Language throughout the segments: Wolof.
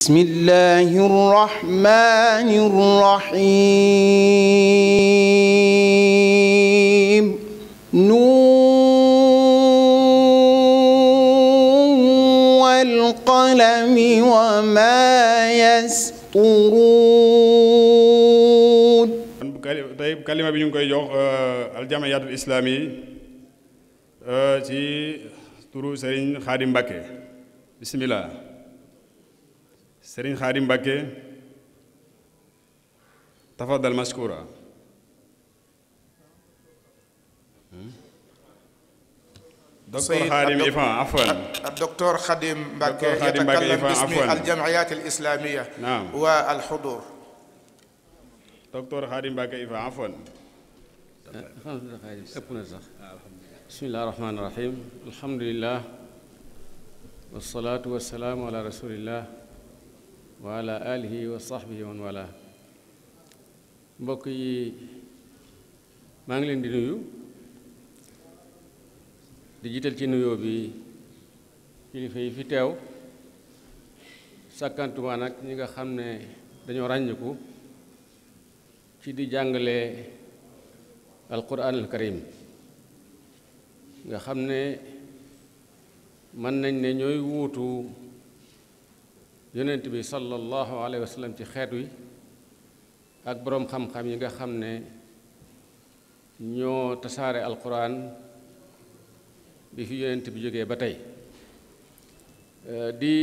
بسم الله الرحمن الرحيم نون والقلم وما يسطرون tey kalima bi ñu ngi koy jox euh, aljamaatul islaami euh, ci turu Serigne Khadim Mbacké bismillah sëriñ xaadim mbàkke tafadal maskura hmm? docteur xaadim ifan afwan docteur xaadim mbàkke yatakallam bismi aljamiyat alislamiya wa alxudur docteur xaadim mbàkke ifan afwan ëpp na sax bismillahi rahmaani rahim alhamdulilah wasalaatu wasalaamu ala rasulillah wa ala alihi wa sahbihi wa man mbokk yi maa ngi leen di nuyu di jiital ci nuyoo bi kilifa yi fi teew sàkkantuma nag ñi nga xam ne dañoo ràññiku ci di jàngale alquran al karim nga xam ne mën nañ ne ñooy wuutu yonent bi sallallahu alayhi wa sallam ci xeet wi ak boroom xam-xam yi nga xam ne ñoo tasaare alquran bi fi yonent bi jógee ba tey di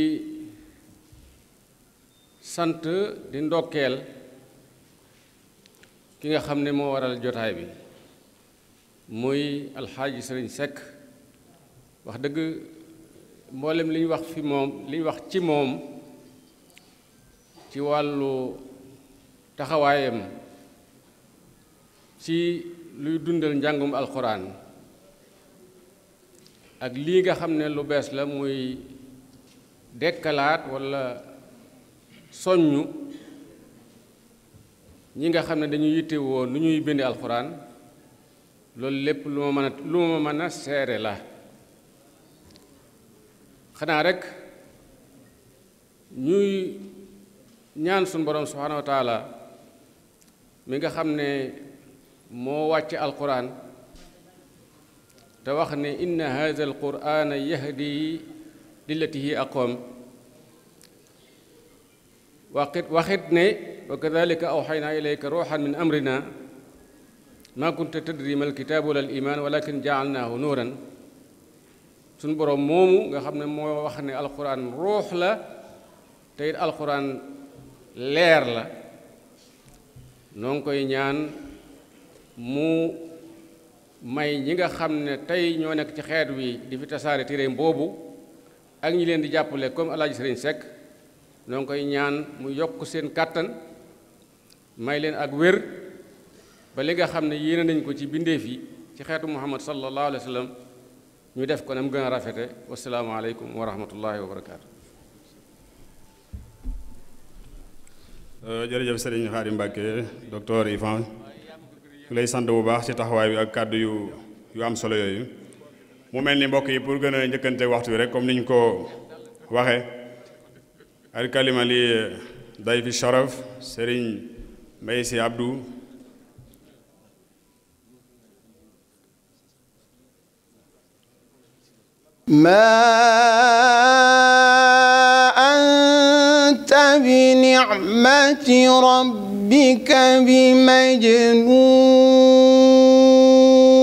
sant di ndokkeel ki nga xam ne moo waral jotaay bi muy alxaaji sëriñ Seck wax dëgg mboolem li wax fi moom li wax ci moom ci wàllu taxawaayam ci luy dundal njàngum alxuraan ak lii nga xam ne lu bees la muy dekkalaat walla soññu ñi nga xam ne dañuy yittewoo lu ñuy bind alxuraan loolu lépp lu ma mën a lu ma mën a seere la xanaa rekk ñuy ñaan suñu borom subhanahu wa taala mi nga xam ne moo wàcc alquran te wax ne inna hadha alqurana yahdi lillati hi aqoom waxit waxit ne wa kadalika awxaynaa ilayka ruuxan min amrina maa kunta tadri mal kitaabu wala al iman walakin jaalnaahu nuuran suñ boroom moomu nga xam ne moo wax ne alquran ruux la te it alquran leer la noo koy ñaan mu may ñi nga xam ne tey ñoo nekk ci xeet wi di fi tasaare téereem boobu ak ñi leen di jàppale comme Alaaji Sëriñ Seck noo ngi koy ñaan mu yokk seen kàttan may leen ak wér ba li nga xam ne yéene nañ ko ci bindeef yi ci xeetu muhammad sallallahu alayhi wa sallam ñu def ko na mu gën a rafete wassalaamu aleykum wa rahmatullahi wa barakaatu Euh, jërëjëf Serigne Khadim Mbacké docteur Ifan lay sant bu baax ci taxawaay bi ak kàddu yu yu am solo yooyu mu mel ni mbokk yi pour gën a njëkkante waxtu wi rek comme niñ ko waxe al kalima li day fi sharaf Serigne Mbaye Sy Abdou ma بنعمة ربك بمجنون